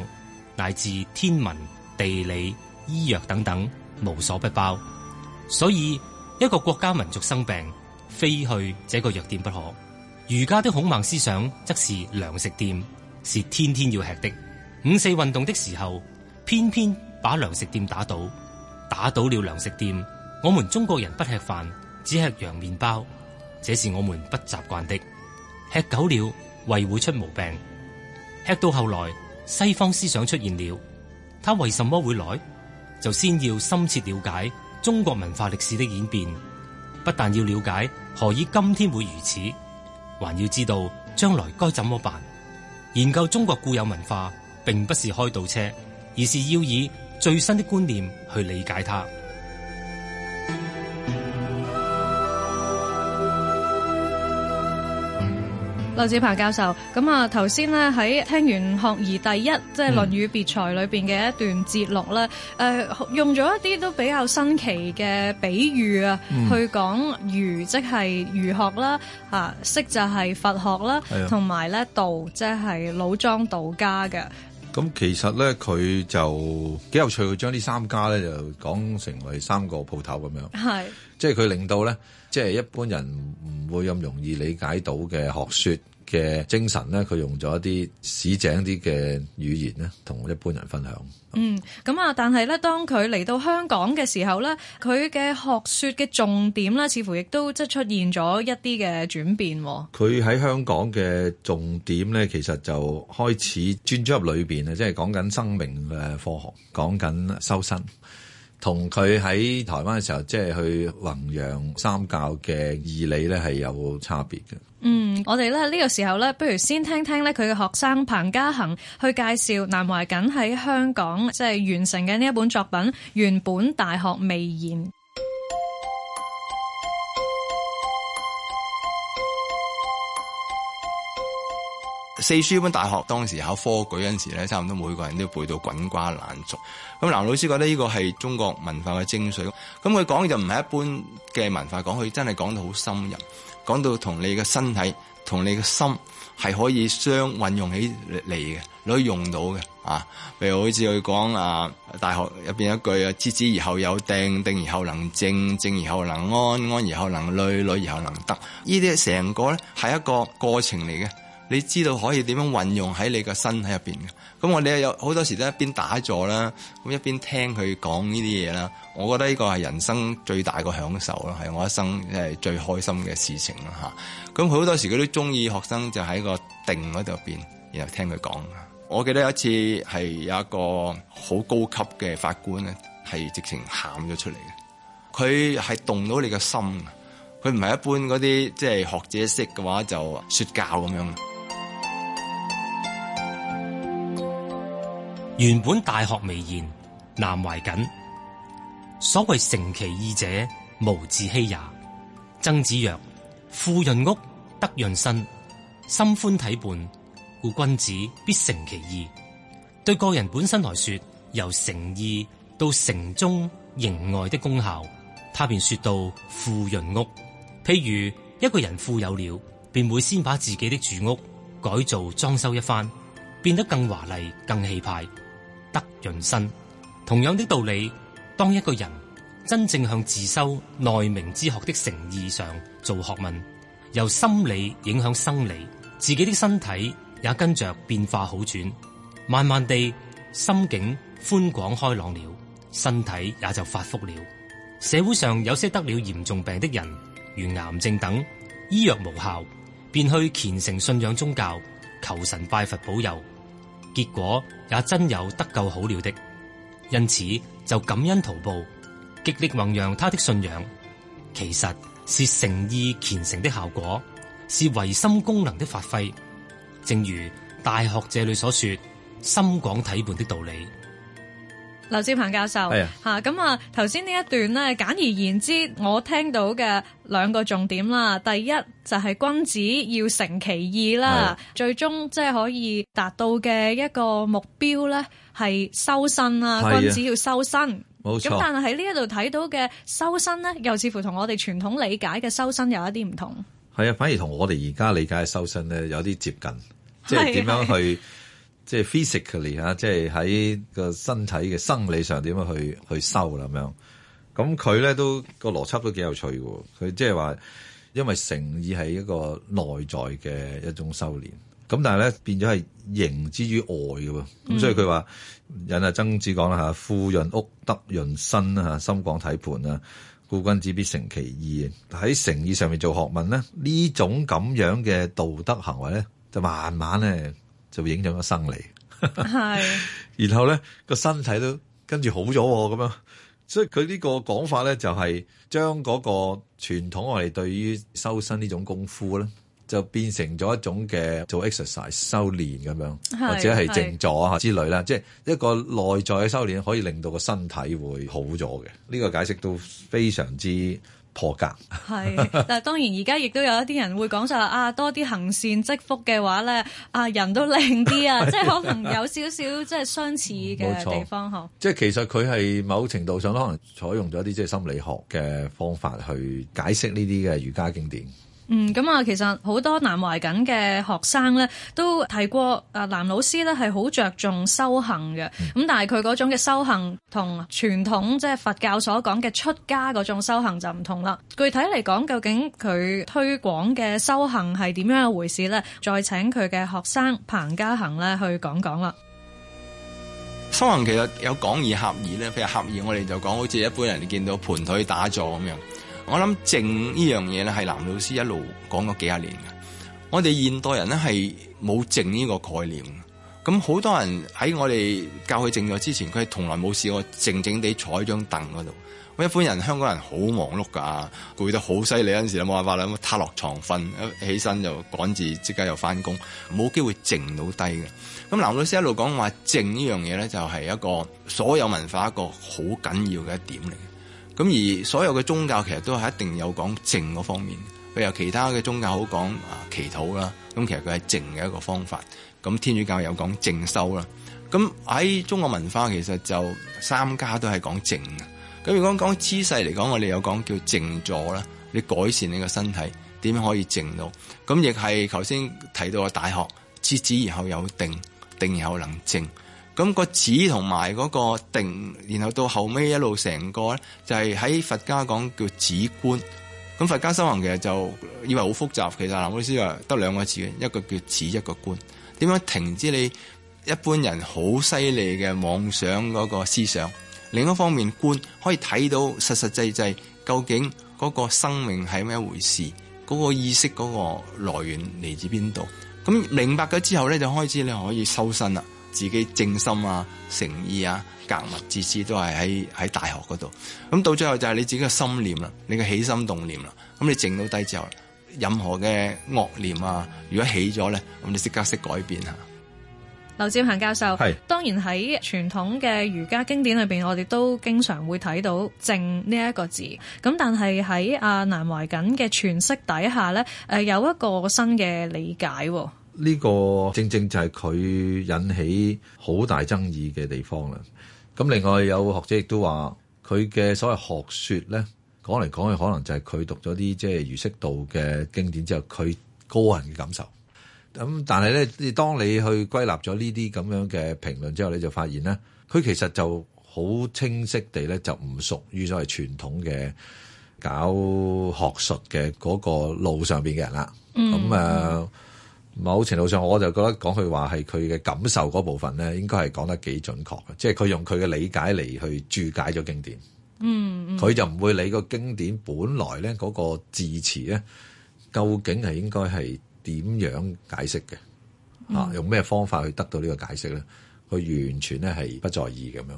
乃至天文、地理、醫藥等等，無所不包。所以一個國家民族生病，非去這個藥店不可。儒家的孔孟思想則是糧食店，是天天要吃的。五四運動的時候，偏偏，把糧食店打倒，打倒了糧食店，我們中國人不吃飯，只吃洋麵包，這是我們不習慣的。吃久了胃會出毛病。吃到後來，西方思想出現了，他為什麼會來？就先要深切了解中國文化歷史的演變，不但要了解何以今天會如此，還要知道將來該怎麼辦。研究中國固有文化，並不是開倒車，而是要以。最新的觀念去理解他。劉志鵬教授，咁啊，頭先呢，喺聽完《學而》第一，即係《論語別裁》裏邊嘅一段節錄咧，誒、嗯呃、用咗一啲都比較新奇嘅比喻啊，嗯、去講儒，即係儒學啦，啊，釋就係佛學啦，同埋咧道，即係老莊道家嘅。咁其實咧，佢就幾有趣，佢將呢三家咧就講成為三個鋪頭咁樣，是即係佢令到咧，即係一般人唔會咁容易理解到嘅學説。嘅精神呢，佢用咗一啲市井啲嘅語言呢，同一般人分享。嗯，咁啊，但係呢，當佢嚟到香港嘅時候呢，佢嘅學說嘅重點呢，似乎亦都即出現咗一啲嘅轉變。佢喺香港嘅重點呢，其實就開始專注入裏邊，啊，即係講緊生命嘅科學，講緊修身。同佢喺台灣嘅時候，即係去弘揚三教嘅義理呢，係有差別嘅。嗯，我哋咧呢個時候呢，不如先聽聽咧佢嘅學生彭嘉恒去介紹南懷瑾喺香港即係完成嘅呢一本作品《原本大學微言》。四書呢本大學，當時考科舉嗰陣時咧，差唔多每個人都背到滾瓜爛熟。咁，南老師覺得呢個係中國文化嘅精髓。咁佢講嘅就唔係一般嘅文化講，佢真係講到好深入，講到同你嘅身體、同你嘅心係可以相運用起嚟嘅，你可以用到嘅啊。譬如好似佢講啊，大學入邊一句啊，知止而後有定，定而後能靜，靜而後能安，安而後能慮，慮而後能得。呢啲成個咧係一個過程嚟嘅。你知道可以點樣運用喺你個身體入邊嘅？咁我哋有好多時都一邊打坐啦，咁一邊聽佢講呢啲嘢啦。我覺得呢個係人生最大個享受咯，係我一生係最開心嘅事情啦嚇。咁好多時佢都中意學生就喺個定嗰度入邊，然後聽佢講。我記得有一次係有一個好高級嘅法官咧，係直情喊咗出嚟嘅。佢係動到你嘅心，佢唔係一般嗰啲即係學者式嘅話就説教咁樣。原本大學微言，南懷瑾。所謂誠其意者，無自欺也。曾子曰：富潤屋，德潤身，心寬體胖，故君子必誠其意。對個人本身來說，由誠意到誠中形外的功效，他便説到富潤屋。譬如一個人富有了，便會先把自己的住屋改造裝修一番，變得更華麗、更氣派。德潤身，同樣的道理，當一個人真正向自修內明之學的誠意上做學問，由心理影響生理，自己的身體也跟着變化好轉，慢慢地心境寬廣開朗了，身體也就發福了。社會上有些得了嚴重病的人，如癌症等，醫藥無效，便去虔誠信仰宗教，求神拜佛保佑。結果也真有得救好了的，因此就感恩圖報，極力弘揚他的信仰。其實是誠意虔誠的效果，是唯心功能的發揮。正如大學這裏所說，心廣體胖的道理。劉志鵬教授，吓咁，的啊，頭先呢一段咧，簡而言之，我聽到嘅兩個重點啦，第一就係、是、君子要誠其意啦，的最終即係可以達到嘅一個目標咧，係修身啦，君子的要修身。冇錯的。咁但係喺呢一度睇到嘅修身咧，又似乎同我哋傳統理解嘅修身有一啲唔同。係啊，反而同我哋而家理解嘅修身咧，有啲接近，即係點樣去的。即係 physically 嚇，即係喺個身體嘅生理上點樣去去修咁樣。咁佢咧都個邏輯都幾有趣嘅。佢即係話，因為誠意係一個內在嘅一種修練。咁但係咧變咗係形之於外嘅。咁、嗯、所以佢話引阿曾子講啦嚇，富潤屋，德潤身啦嚇，心廣體盤啦。故君子必誠其意。喺誠意上面做學問咧，呢種咁樣嘅道德行為咧，就慢慢咧。就會影響咗生理，係， [laughs] 然後咧個身體都跟住好咗咁樣，所以佢呢個講法咧就係、是、將嗰個傳統我哋對於修身呢種功夫咧，就變成咗一種嘅做 exercise 修練咁樣，或者係靜坐啊之類啦，即係一個內在嘅修練，可以令到個身體會好咗嘅。呢、這個解釋都非常之破格，係， [laughs] 但係當然而家亦都有一啲人會講就話啊，多啲行善積福嘅話咧，啊人都靚啲 [laughs] 是啊，即係可能有少少即係相似嘅地方呵。嗯、好即係其實佢係某程度上可能採用咗啲即係心理學嘅方法去解釋呢啲嘅儒家經典。嗯，咁啊，其實好多南懷瑾嘅學生呢都提過啊，南老師呢係好着重修行嘅。咁、嗯、但係佢嗰種嘅修行，同傳統即係佛教所講嘅出家嗰種修行就唔同啦。具體嚟講，究竟佢推廣嘅修行係點樣一回事呢？再請佢嘅學生彭家恒呢去講講啦。修行其實有講義合義呢。譬如合義。我哋就講好似一般人見到盤腿打坐咁樣。我諗靜呢樣嘢咧，係南老師一路講咗幾廿年嘅。我哋現代人咧係冇靜呢個概念。咁好多人喺我哋教佢靜坐之前，佢係從來冇試過靜靜地坐喺張凳嗰度。我一般人香港人好忙碌噶，攰得好犀利嗰陣時，就冇辦法啦，撻落床瞓，一起身就趕住即刻又翻工，冇機會靜到低嘅。咁南老師一路講話靜呢樣嘢咧，就係一個所有文化一個好緊要嘅一點嚟。咁而所有嘅宗教其實都係一定有講靜嗰方面，譬如其他嘅宗教好講啊祈禱啦，咁其實佢係靜嘅一個方法。咁天主教有講靜修啦，咁喺中國文化其實就三家都係講靜嘅。咁如果講姿勢嚟講，我哋有講叫靜坐啦，你改善你個身體點樣可以靜到？咁亦係頭先提到嘅大學，知止然後有定，定然後能靜。咁個止同埋嗰個定，然後到後尾一路成個咧，就係、是、喺佛家講叫止觀。咁佛家修行其實就以為好複雜，其實南老師話得兩個字嘅，一個叫止，一個觀。點樣停止你一般人好犀利嘅妄想嗰個思想？另一方面觀可以睇到實實際際究竟嗰個生命係咩回事？嗰、那個意識嗰個來源嚟自邊度？咁明白咗之後咧，就開始你可以修身啦。自己正心啊、誠意啊、格物致知都係喺喺大學嗰度。咁到最後就係你自己嘅心念啦，你嘅起心動念啦。咁你靜到低之後，任何嘅惡念啊，如果起咗咧，咁你即刻識改變吓。劉志恒教授，係是當然喺傳統嘅儒家經典裏邊，我哋都經常會睇到正呢一個字。咁但係喺阿南懷瑾嘅詮釋底下咧，誒、呃、有一個新嘅理解喎、哦。呢個正正就係佢引起好大爭議嘅地方啦。咁另外有學者亦都話，佢嘅所謂學説呢，講嚟講去可能就係佢讀咗啲即係儒釋道嘅經典之後，佢高人嘅感受。咁但係呢，當你去歸納咗呢啲咁樣嘅評論之後，你就發現呢，佢其實就好清晰地呢，就唔屬於所謂傳統嘅搞學術嘅嗰個路上邊嘅人啦。咁啊、嗯、～那、嗯某程度上，我就覺得講句話係佢嘅感受嗰部分咧，應該係講得幾準確嘅，即係佢用佢嘅理解嚟去注解咗經典。嗯，佢、嗯、就唔會理個經典本來咧嗰個字詞咧，究竟係應該係點樣解釋嘅？啊，用咩方法去得到呢個解釋咧？佢完全咧係不在意咁樣。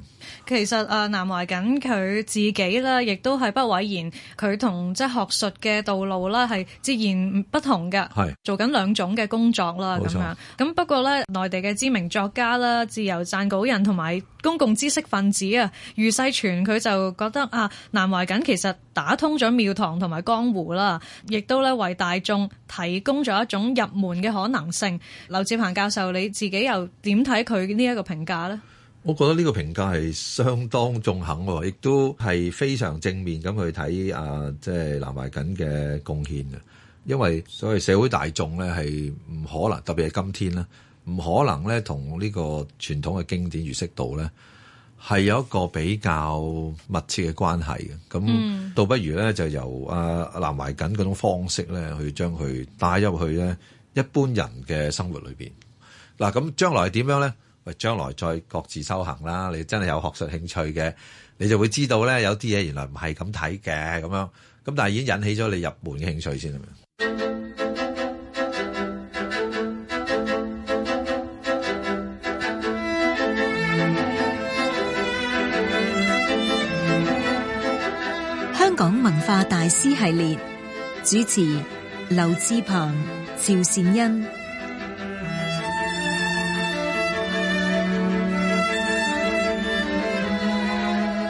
其實啊，南懷瑾佢自己啦，亦都係不諱言，佢同即係學術嘅道路啦，係截然不同嘅。係是做緊兩種嘅工作啦，咁錯樣。咁不過咧，內地嘅知名作家啦、自由撰稿人同埋公共知識分子啊，余世存。佢就覺得啊，南懷瑾其實，打通咗廟堂同埋江湖啦，亦都咧為大眾提供咗一種入門嘅可能性。劉智鵬教授你自己又點睇佢呢一個評價呢？我覺得呢個評價係相當中肯，亦都係非常正面咁去睇啊，即係南懷瑾嘅貢獻嘅。因為所謂社會大眾咧係唔可能，特別係今天啦，唔可能咧同呢個傳統嘅經典遇識到咧。係有一個比較密切嘅關係嘅，咁倒不如咧就由阿南懷瑾嗰種方式咧，去將佢帶入去咧一般人嘅生活裏邊。嗱、啊，咁將來點樣咧？喂，將來再各自修行啦。你真係有學術興趣嘅，你就會知道咧，有啲嘢原來唔係咁睇嘅，咁樣咁，但係已經引起咗你入門嘅興趣先啦。化大師系列主持劉：劉志鵬、趙善恩。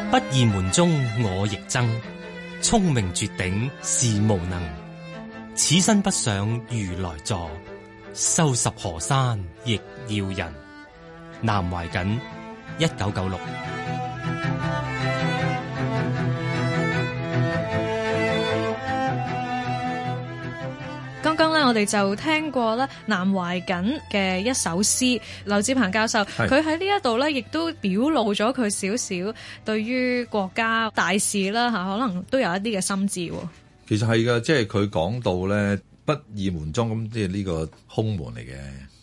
不二門中我亦僧，聰明絕頂是無能。此身不想如來座，收拾河山亦要人。南懷瑾，一九九六。我哋就聽過咧南懷瑾嘅一首詩，劉志鵬教授，佢喺呢一度咧，亦都是表露咗佢少少對於國家大事啦吓，可能都有一啲嘅心智。其實係噶，即係佢講到咧不二門中咁，即係呢個空門嚟嘅。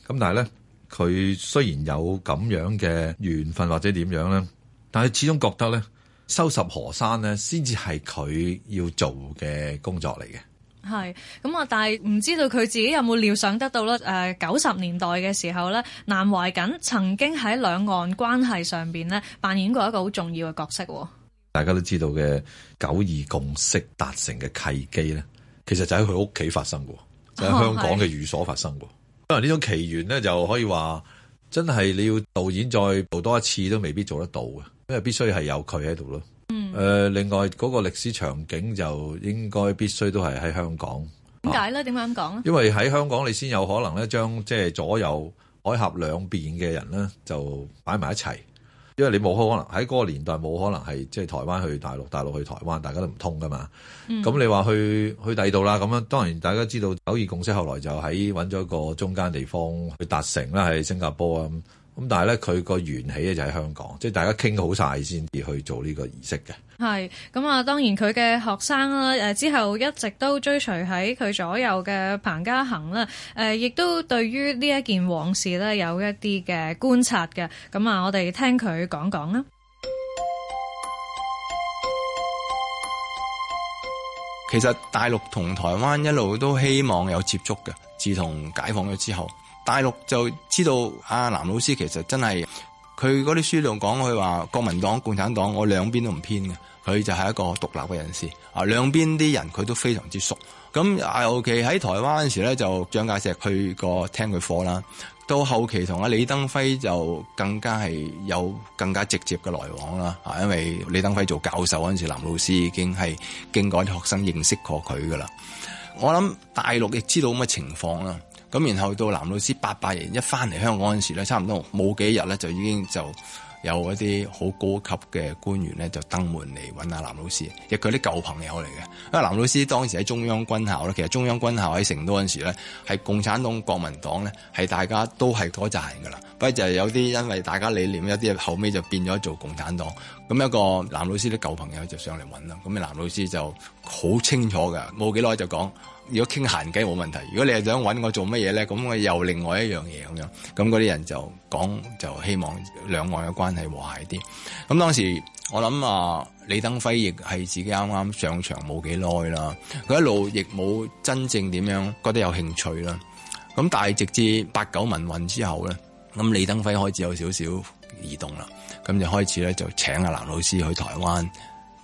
咁但係咧，佢雖然有咁樣嘅緣分或者點樣咧，但係始終覺得咧收拾河山咧，先至係佢要做嘅工作嚟嘅。係咁啊！但係唔知道佢自己有冇料想得到咧？誒，九十年代嘅時候咧，南懷瑾曾經喺兩岸關係上邊咧扮演過一個好重要嘅角色，哦。大家都知道嘅九二共識達成嘅契機咧，其實就喺佢屋企發生嘅、哦、就喺香港嘅寓所發生嘅喎。係。因為呢種奇緣咧，就可以話真係你要導演再做多一次都未必做得到嘅，因為必須係有佢喺度咯。誒、呃，另外嗰、那個歷史場景就應該必須都係喺香港。點解咧？點解咁講啊？因為喺香港你先有可能咧，將即係左右海峽兩邊嘅人咧，就擺埋一齊。因為你冇可能喺嗰個年代，冇可能係即係台灣去大陸，大陸去台灣，大家都唔通噶嘛。咁、嗯、你話去去第二度啦，咁樣當然大家知道九二共識，後來就喺揾咗個中間地方去達成啦，喺新加坡啊。咁但係咧，佢個緣起咧就喺香港，即係大家傾好晒先至去做呢個儀式嘅。係咁啊，當然佢嘅學生啦，誒之後一直都追隨喺佢左右嘅彭家恒啦，誒亦都對於呢一件往事呢有一啲嘅觀察嘅。咁啊，我哋聽佢講講啦。其實大陸同台灣一路都希望有接觸嘅，自從解放咗之後。大陸就知道啊，南老師其實真係佢嗰啲書度講，佢話國民黨、共產黨，我兩邊都唔偏嘅，佢就係一個獨立嘅人士啊。兩邊啲人佢都非常之熟。咁尤其喺台灣陣時咧，就蔣介石去過聽佢課啦。到後期同阿李登輝就更加係有更加直接嘅來往啦。啊，因為李登輝做教授嗰陣時，南老師已經係經過啲學生認識過佢噶啦。我諗大陸亦知道咁嘅情況啦。咁然後到南老師八八年一翻嚟香港嗰陣時咧，差唔多冇幾日咧，就已經就有一啲好高級嘅官員咧就登門嚟揾阿南老師，亦佢啲舊朋友嚟嘅。因為南老師當時喺中央軍校咧，其實中央軍校喺成都嗰陣時咧，係共產黨、國民黨咧，係大家都係攞債嘅啦。不過就係有啲因為大家理念，有啲後尾就變咗做共產黨。咁一個南老師啲舊朋友就上嚟揾啦，咁阿南老師就好清楚嘅，冇幾耐就講。如果傾閒偈冇問題，如果你係想揾我做乜嘢咧，咁我又另外一樣嘢咁樣，咁嗰啲人就講就希望兩岸嘅關係和諧啲。咁當時我諗啊，李登輝亦係自己啱啱上場冇幾耐啦，佢一路亦冇真正點樣覺得有興趣啦。咁但係直至八九民運之後咧，咁李登輝開始有少少移動啦，咁就開始咧就請阿南老師去台灣。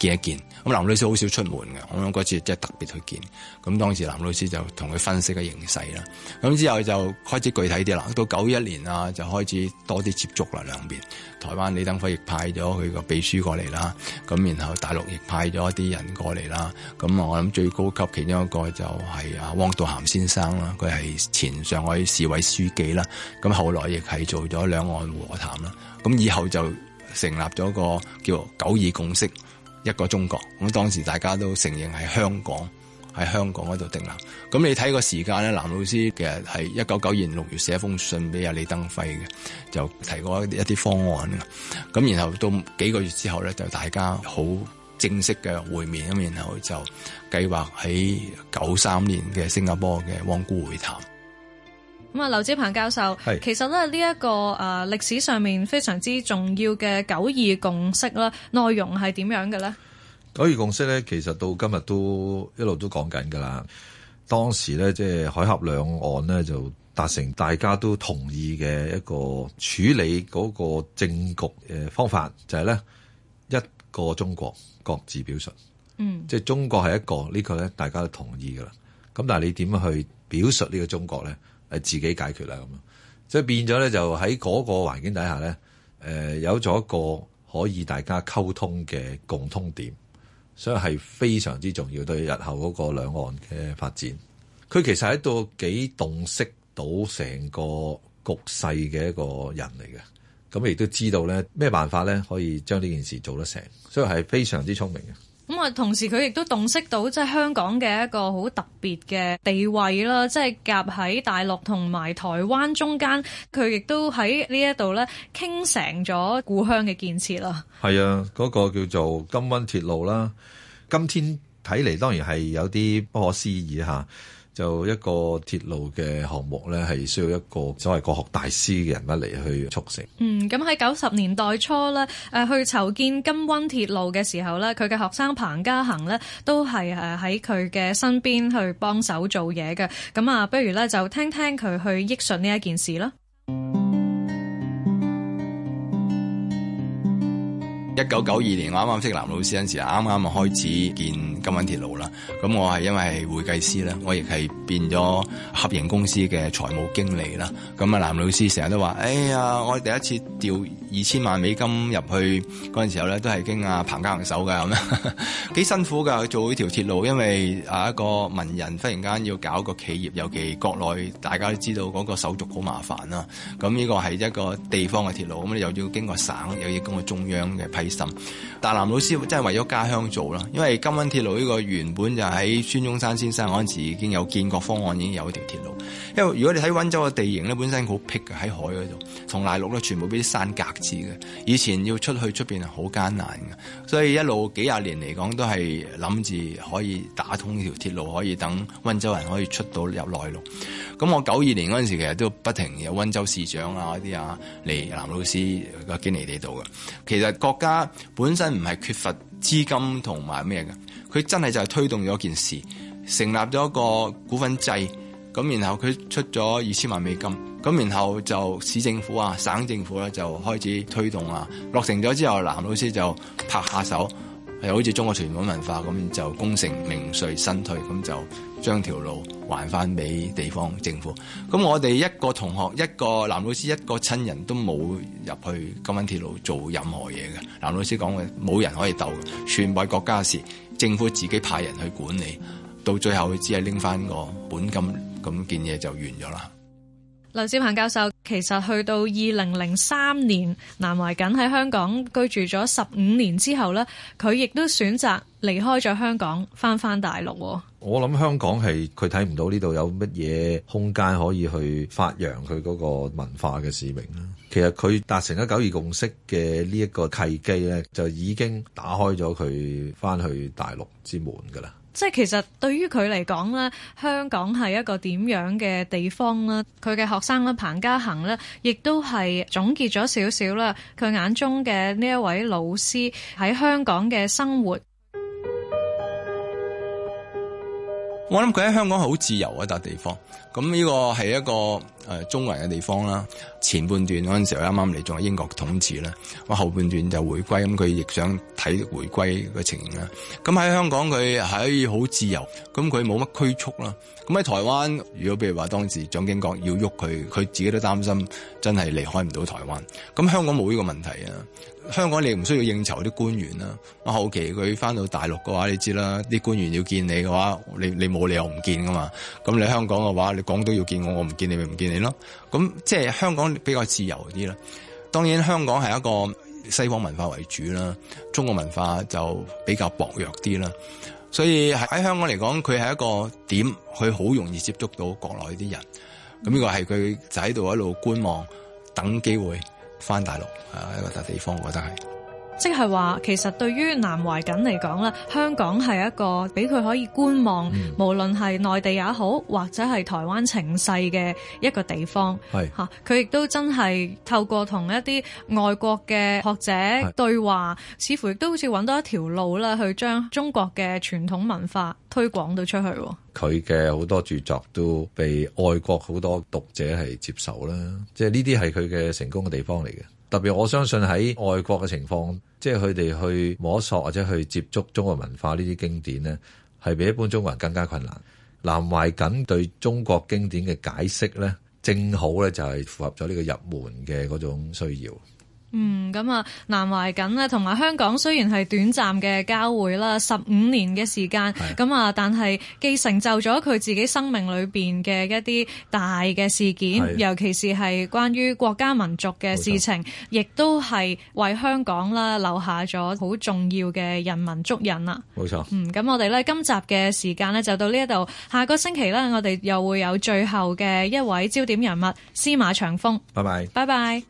見一見咁，林老師好少出門嘅。我諗嗰次即係特別去見咁，當時林老師就同佢分析嘅形勢啦。咁之後就開始具體啲啦。到九一年啊，就開始多啲接觸啦，兩邊台灣李登輝亦派咗佢個秘書過嚟啦。咁然後大陸亦派咗一啲人過嚟啦。咁我諗最高級其中一個就係阿汪道涵先生啦，佢係前上海市委書記啦。咁後來亦係做咗兩岸和談啦。咁以後就成立咗個叫九二共識。一個中國，咁當時大家都承認喺香港，喺香港嗰度定啦。咁你睇個時間咧，南老師其實係一九九年六月寫一封信俾阿李登輝嘅，就提過一啲一啲方案。咁然後到幾個月之後咧，就大家好正式嘅會面，咁然後就計劃喺九三年嘅新加坡嘅汪辜會談。咁啊，劉志鵬教授，是其實咧呢一個誒歷史上面非常之重要嘅九二共識啦，內容係點樣嘅咧？九二共識咧，其實到今日都一路都講緊噶啦。當時咧，即係海峽兩岸咧就達成大家都同意嘅一個處理嗰個政局嘅方法，就係、是、咧一個中國各自表述，嗯，即係中國係一個呢、這個咧，大家都同意噶啦。咁但係你點樣去表述呢個中國咧？係自己解決啦，咁啊，所以變咗咧，就喺嗰個環境底下咧，誒、呃、有咗一個可以大家溝通嘅共通點，所以係非常之重要，對日後嗰個兩岸嘅發展。佢其實喺度幾洞悉到成個局勢嘅一個人嚟嘅，咁亦都知道咧咩辦法咧可以將呢件事做得成，所以係非常之聰明嘅。咁啊，同時佢亦都洞悉到即係香港嘅一個好特別嘅地位啦，即係夾喺大陸同埋台灣中間，佢亦都喺呢一度咧傾成咗故鄉嘅建設啦。係啊，嗰個叫做金溫鐵路啦，今天睇嚟當然係有啲不可思議吓。就一個鐵路嘅項目咧，係需要一個所謂國學大師嘅人物嚟去促成。嗯，咁喺九十年代初咧，誒、呃、去籌建金温鐵路嘅時候咧，佢嘅學生彭家恆咧都係誒喺佢嘅身邊去幫手做嘢嘅。咁啊，不如咧就聽聽佢去憶述呢一件事啦。一九九二年我啱啱識南老師嗰陣時候，啱啱啊開始建金温鐵路啦。咁我係因為係會計師啦，我亦係變咗合營公司嘅財務經理啦。咁啊南老師成日都話：哎呀，我第一次調二千萬美金入去嗰陣時候咧，都係經啊彭家行手噶，咁啊幾辛苦噶做呢條鐵路，因為啊一個文人忽然間要搞個企業，尤其國內大家都知道嗰個手續好麻煩啦。咁呢個係一個地方嘅鐵路，咁你又要經過省，又要經過中央嘅但係南老師真係為咗家鄉做啦，因為金溫鐵路呢個原本就喺孫中山先生嗰陣時已經有建國方案，已經有一條鐵路。因為如果你喺溫州嘅地形咧，本身好僻嘅喺海嗰度，同內陸咧全部俾啲山隔住嘅，以前要出去出邊好艱難嘅，所以一路幾廿年嚟講都係諗住可以打通呢條鐵路，可以等溫州人可以出到入內陸。咁我九二年嗰陣時其實都不停有溫州市長啊嗰啲啊嚟南老師嘅堅尼地度嘅，其實國家。本身唔係缺乏資金同埋咩嘅，佢真係就係推動咗件事，成立咗個股份制，咁然後佢出咗二千萬美金，咁然後就市政府啊、省政府咧、啊、就開始推動啊，落成咗之後，南老師就拍下手，又好似中國傳統文，文化咁，就功成名遂身退咁就。將條路還翻俾地方政府。咁我哋一個同學、一個南老師、一個親人都冇入去金溫鐵路做任何嘢嘅。南老師講嘅冇人可以鬥，全部係國家事，政府自己派人去管理。到最後佢只係拎翻個本金，咁件嘢就完咗啦。劉志鵬教授，其實去到二零零三年，南懷瑾喺香港居住咗十五年之後咧，佢亦都選擇離開咗香港，翻返大陸。我諗香港係佢睇唔到呢度有乜嘢空間可以去發揚佢嗰個文化嘅使命啦。其實佢達成咗九二共識嘅呢一個契機咧，就已經打開咗佢翻去大陸之門噶啦。即係其實對於佢嚟講咧，香港係一個點樣嘅地方啦？佢嘅學生咧，彭嘉恒呢，亦都係總結咗少少啦。佢眼中嘅呢一位老師喺香港嘅生活，我諗佢喺香港係好自由一笪地方。咁呢個係一個。誒中環嘅地方啦，前半段嗰陣時候啱啱嚟，仲係英國統治啦，哇後半段就回歸，咁佢亦想睇回歸嘅情形啦。咁喺香港佢喺好自由，咁佢冇乜拘束啦。咁喺台灣，如果譬如話當時蔣經國要喐佢，佢自己都擔心真係離開唔到台灣，咁香港冇呢個問題啊，香港你唔需要應酬啲官員啊，啊後期佢翻到大陸嘅話你知啦，啲官員要見你嘅話，你你冇理由唔見噶嘛。咁你香港嘅話你講都要見我，我唔見你咪唔見。咯，咁、嗯、即係香港比較自由啲啦。當然香港係一個西方文化為主啦，中國文化就比較薄弱啲啦。所以喺香港嚟講，佢係一個點，佢好容易接觸到國內啲人。咁呢個係佢就喺度一路觀望，等機會返大陸啊，一個大地方，我覺得係。即係話，其實對於南懷瑾嚟講咧，香港係一個俾佢可以觀望，嗯、無論係內地也好，或者係台灣情勢嘅一個地方。係吓是，佢亦都真係透過同一啲外國嘅學者對話，是似乎亦都好似揾到一條路啦，去將中國嘅傳統文化推廣到出去。佢嘅好多著作都被外國好多讀者係接受啦，即係呢啲係佢嘅成功嘅地方嚟嘅。特別我相信喺外國嘅情況，即係佢哋去摸索或者去接觸中國文化呢啲經典呢，係比一般中國人更加困難。南懷瑾對中國經典嘅解釋，呢正好呢就係符合咗呢個入門嘅嗰種需要。嗯，咁啊，南懷瑾呢，同埋香港雖然係短暫嘅交匯啦，十五年嘅時間咁啊的、嗯，但係既成就咗佢自己生命裏邊嘅一啲大嘅事件，的尤其是係關於國家民族嘅事情，亦都係為香港啦留下咗好重要嘅人民足印啦。冇錯，嗯，咁我哋呢今集嘅時間呢，就到呢一度，下個星期呢，我哋又會有最後嘅一位焦點人物司馬長風。拜拜，拜拜。